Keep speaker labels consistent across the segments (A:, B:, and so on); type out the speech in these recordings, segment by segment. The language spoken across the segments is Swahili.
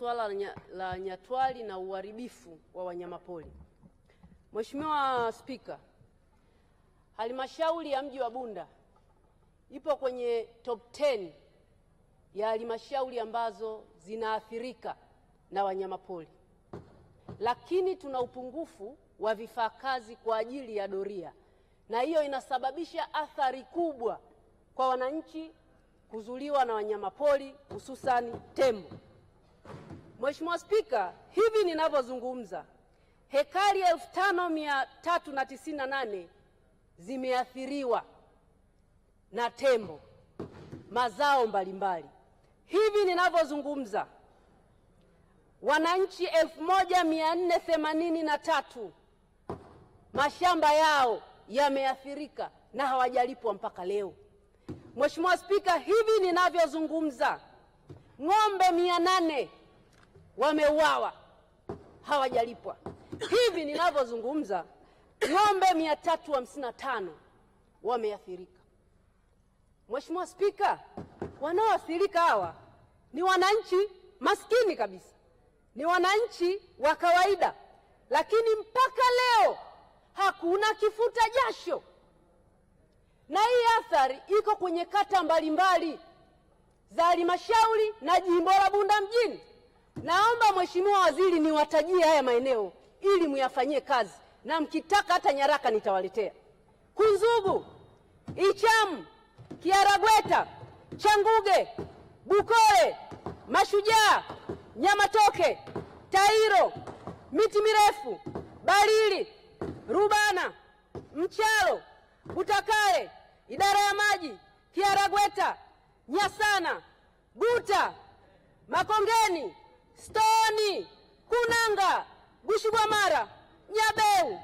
A: suala la nyatwali na uharibifu wa wanyamapori. Mheshimiwa Spika, halmashauri ya mji wa Bunda ipo kwenye top 10 ya halmashauri ambazo zinaathirika na wanyamapori, lakini tuna upungufu wa vifaa kazi kwa ajili ya doria, na hiyo inasababisha athari kubwa kwa wananchi kuzuliwa na wanyamapori hususani tembo. Mheshimiwa Spika, hivi ninavyozungumza hekari elfu tano mia tatu na tisini na nane zimeathiriwa na tembo mazao mbalimbali. Hivi ninavyozungumza wananchi elfu moja mia nne themanini na tatu mashamba yao yameathirika na hawajalipwa mpaka leo. Mheshimiwa Spika, hivi ninavyozungumza ng'ombe mia nane wameuawa hawajalipwa. Hivi ninavyozungumza ng'ombe mia tatu hamsini na tano wameathirika. Mheshimiwa Spika, wanaoathirika hawa ni wananchi maskini kabisa, ni wananchi wa kawaida, lakini mpaka leo hakuna kifuta jasho, na hii athari iko kwenye kata mbalimbali za halmashauri na jimbo la Bunda mjini. Naomba Mheshimiwa Waziri niwatajie haya maeneo ili muyafanyie kazi, na mkitaka hata nyaraka nitawaletea: Kunzugu, Ichamu, Kiaragweta, Changuge, Bukole, Mashujaa, Nyamatoke, Tairo, miti mirefu, Balili, Rubana, Mchalo, Butakale, idara ya maji, Kiaragweta, Nyasana, Guta, Makongeni Stoni, Kunanga, Bushibwamara, Nyabeu,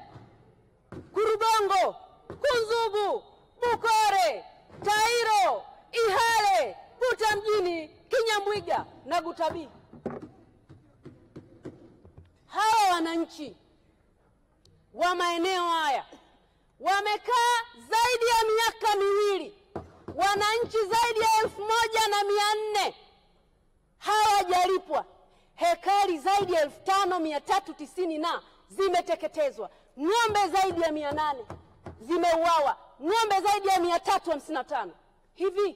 A: Kurubongo, Kunzubu, Bukore, Tairo, Ihale, Buta mjini, Kinyamwiga na Gutabi. Hawa wananchi wa maeneo haya wamekaa zaidi ya miaka miwili, wananchi zaidi ya elfu moja na mia nne hawajalipwa hekari zaidi ya elfu tano mia tatu tisini na zimeteketezwa, ng'ombe zaidi ya mia nane zimeuawa, ng'ombe zaidi ya mia tatu hamsini na tano Hivi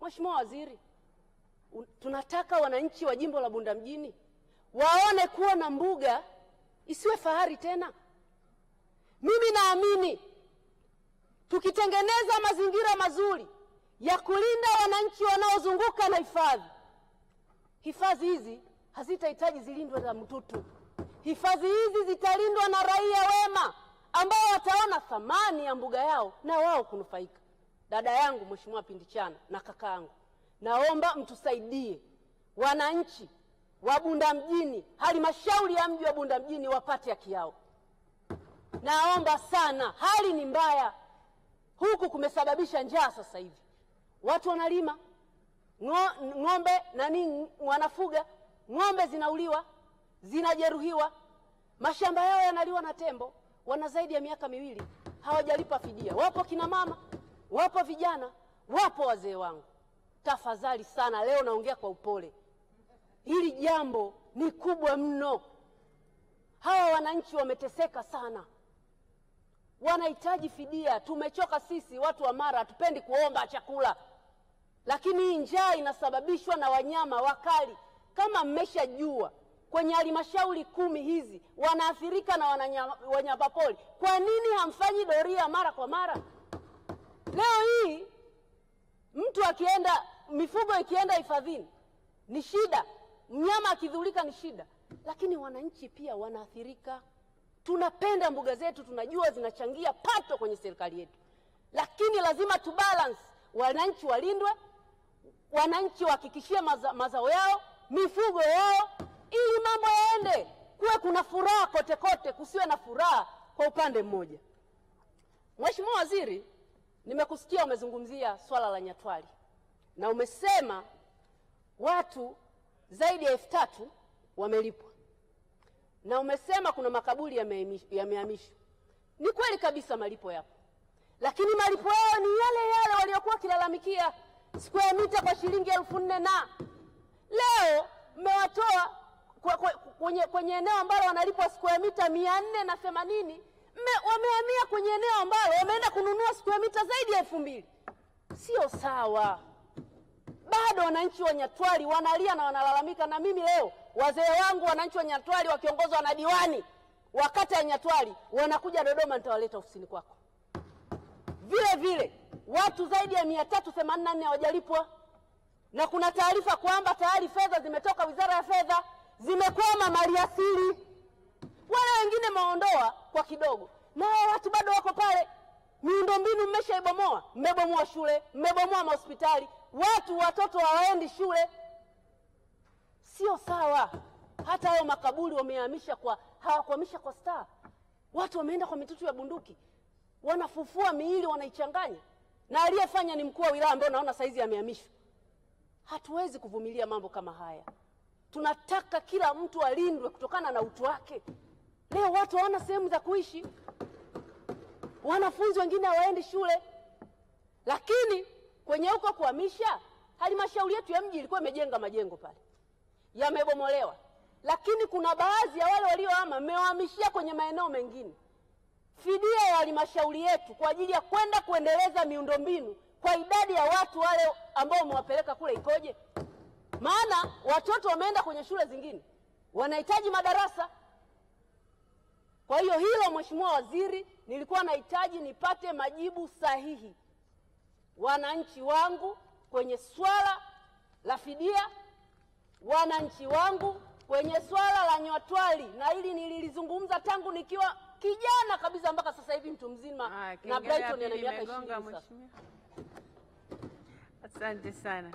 A: Mheshimiwa Waziri, tunataka wananchi wa jimbo la Bunda mjini waone kuwa na mbuga isiwe fahari tena. Mimi naamini tukitengeneza mazingira mazuri ya kulinda wananchi wanaozunguka na hifadhi hifadhi hizi hazitahitaji zilindwe za mtutu. Hifadhi hizi zitalindwa na raia wema ambao wataona thamani ya mbuga yao na wao kunufaika. Dada yangu Mheshimiwa Pindichana na kaka yangu, naomba mtusaidie, wananchi wa Bunda mjini, halmashauri ya mji wa Bunda mjini wapate haki yao. Naomba sana, hali ni mbaya huku, kumesababisha njaa. Sasa hivi watu wanalima ng'ombe nani wanafuga ng'ombe zinauliwa, zinajeruhiwa, mashamba yao yanaliwa na tembo. Wana zaidi ya miaka miwili hawajalipa fidia. Wapo kina mama, wapo vijana, wapo wazee wangu. Tafadhali sana, leo naongea kwa upole, hili jambo ni kubwa mno. Hawa wananchi wameteseka sana, wanahitaji fidia. Tumechoka sisi watu wa Mara, hatupendi kuomba chakula, lakini hii njaa inasababishwa na wanyama wakali kama mmeshajua kwenye halmashauri kumi hizi wanaathirika na wanyamapori, kwa nini hamfanyi doria mara kwa mara? Leo hii mtu akienda, mifugo ikienda hifadhini ni shida, mnyama akidhulika ni shida, lakini wananchi pia wanaathirika. Tunapenda mbuga zetu, tunajua zinachangia pato kwenye serikali yetu, lakini lazima tubalance, wananchi walindwe, wananchi wahakikishie maza, mazao yao mifugo yao, ili mambo yaende, kuwe kuna furaha kote kote, kusiwe na furaha kwa upande mmoja. Mheshimiwa Waziri, nimekusikia umezungumzia swala la Nyatwali na umesema watu zaidi ya elfu tatu wamelipwa na umesema kuna makaburi yamehamishwa. Ni kweli kabisa, malipo yapo, lakini malipo yao ni yale yale waliokuwa wakilalamikia, ya mita kwa shilingi elfu nne na Leo mmewatoa kwenye, kwenye eneo ambalo wanalipwa ya mita mia nne na themanini wamehamia kwenye eneo ambalo wameenda kununua ya mita zaidi ya elfu mbili. Sio sawa. Bado wananchi wa Nyatwali wanalia na wanalalamika, na mimi leo wazee wangu wananchi wa Nyatwali wakiongozwa na diwani wa kata ya Nyatwali wanakuja Dodoma, nitawaleta ofisini kwako. Vile vile watu zaidi ya mia tatu themanini na nne hawajalipwa na kuna taarifa kwamba tayari fedha zimetoka wizara ya fedha, zimekwama maliasili. Wale wengine maondoa kwa kidogo, nao watu bado wako pale. Miundombinu mmeshaibomoa, mmebomoa shule, mmebomoa mahospitali, watu watoto hawaendi shule. Sio sawa. Hata hayo makaburi wamehamisha kwa, hawakuhamisha kwa staa, watu wameenda kwa mitutu ya bunduki, wanafufua miili wanaichanganya, na aliyefanya ni mkuu wa wilaya ambaye naona saizi amehamishwa. Hatuwezi kuvumilia mambo kama haya. Tunataka kila mtu alindwe kutokana na utu wake. Leo watu hawana sehemu za kuishi, wanafunzi wengine hawaendi shule. Lakini kwenye huko kuhamisha, halmashauri yetu ya mji ilikuwa imejenga majengo pale, yamebomolewa, lakini kuna baadhi ya wale waliohama mmewahamishia kwenye maeneo mengine. Fidia ya halmashauri yetu kwa ajili ya kwenda kuendeleza miundombinu kwa idadi ya watu wale ambao umewapeleka kule ikoje? Maana watoto wameenda kwenye shule zingine, wanahitaji madarasa. Kwa hiyo hilo, Mheshimiwa Waziri, nilikuwa nahitaji nipate majibu sahihi wananchi wangu kwenye swala la fidia, wananchi wangu kwenye swala la Nywatwali, na hili nililizungumza tangu nikiwa kijana kabisa mpaka sasa hivi mtu mzima,
B: ah, na Brighton ana miaka ishirini sasa. Asante sana.